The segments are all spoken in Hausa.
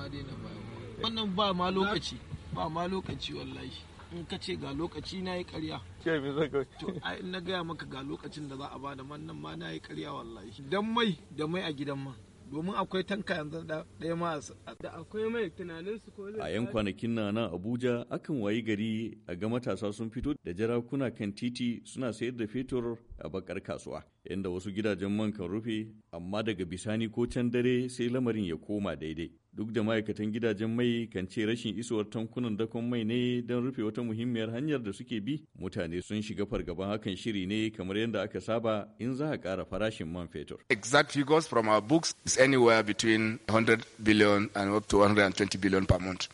ma daina bayarwa wannan ba ma lokaci ba ma lokaci in ka ce ga lokaci na yi karya to ai na gaya maka ga lokacin da za a bada mannan ma na yi karya wallahi dan mai da mai a gidan man domin akwai tanka yanzu ɗaya ma da akwai mai tunanin su ko a yan kwanakin na nan Abuja akan wayi gari a ga matasa sun fito da jarakuna kan titi suna sayar da fetur a bakar kasuwa inda wasu gidajen man kan rufe amma daga bisani ko can dare sai lamarin ya koma daidai duk da ma'aikatan gidajen mai kan ce rashin isowar tankunan dakon mai ne don rufe wata muhimmiyar hanyar da suke bi mutane sun shiga fargaban hakan shiri ne kamar yadda aka saba in za a ƙara farashin man fetur exact figures from our books is anywhere between 100 billion and up to 120 billion per month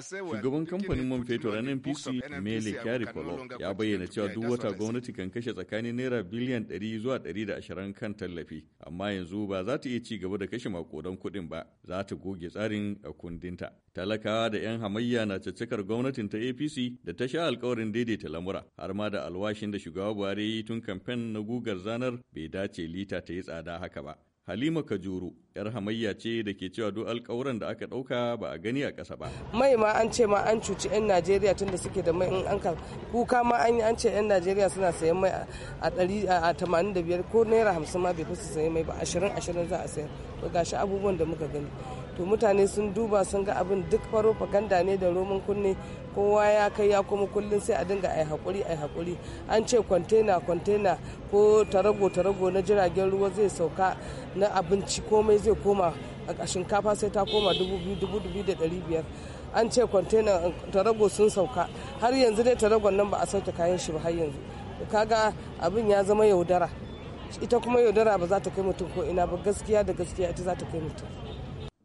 Shugaban kamfanin man fetur NNPC Mele Kyari Kwalo ya bayyana cewa duk wata gwamnati kan kashe tsakanin naira biliyan 100 zuwa 120 kan tallafi, amma yanzu ba za ta iya ci gaba da kashe makodan kuɗin ba, za ta goge tsarin a kundinta. Talakawa da 'yan hamayya na caccakar gwamnatin ta APC da ta sha alkawarin daidaita lamura, har ma da alwashin da shugaba Buhari tun kamfen na gugar zanar bai dace lita ta yi tsada haka ba. Halima Kajuru, 'yar hamayya ce da ke cewa duk alkawuran da aka ɗauka ba a gani a ƙasa ba. Mai ma an ce ma an cuci 'yan Najeriya tun da suke da mai in an kuka ma an yi an ce 'yan Najeriya suna sayan mai a ɗari a tamanin da biyar ko naira hamsin ma bai fasa su sayan mai ba ashirin ashirin za a sayar. ga shi abubuwan da muka gani. to mutane sun duba sun ga abin duk farofaganda ne da roman kunne kowa ya kai ya kuma kullum sai a dinga ai hakuri ai hakuri an ce kwantena kwantena ko tarago tarago na jiragen ruwa zai sauka na abinci komai zai koma a shinkafa sai ta koma dubu dubu biyu da biyar an ce kwantena tarago sun sauka har yanzu dai taragon nan ba a sauke kayan shi ba har yanzu kaga abin ya zama yaudara ita kuma yaudara ba za ta kai mutum ko ina ba gaskiya da gaskiya ita za ta kai mutum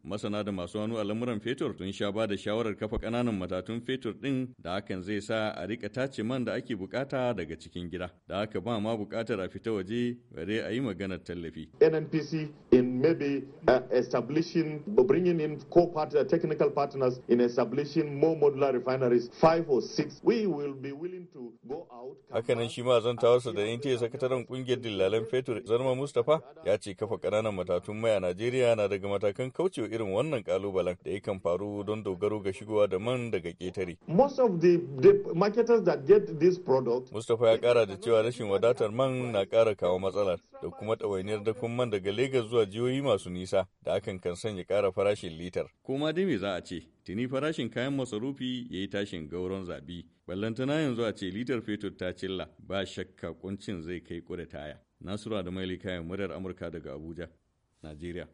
masana da masu wani a lamuran fetur sun sha ba da shawarar kafa kananan matatun fetur din da hakan zai sa a rika tace man da ake bukata daga cikin gida da haka ba ma bukatar a fita waje bare a yi maganar tallafi nnpc in maybe uh, establishing, bringing in co-partner, uh, technical partners in establishing more modular refineries, five or six. We will be willing to go out. Hakanan shi ma zan tawarsa da NTA sakataren kungiyar dillalan fetur Zarma Mustapha ya ce kafa kananan matatun mai a Najeriya na daga matakan kaucewa irin wannan kalubalen da ya kan faru don dogaro ga shigowa da man daga ketare. Most of the, the marketers that get this product. Mustapha ya kara da cewa rashin wadatar man na kara kawo matsalar. da kuma ɗawainiyar dakon man daga Legas zuwa jihohi masu nisa da hakan kan sanya ƙara farashin litar. Koma dai me za a ce, tuni farashin kayan masarufi ya yi tashin gauron zabi. Ballantana yanzu a ce litar fetur ta cilla ba shakka kuncin zai kai ƙure taya. Nasiru da Maili kayan murar Amurka daga Abuja, Najeriya.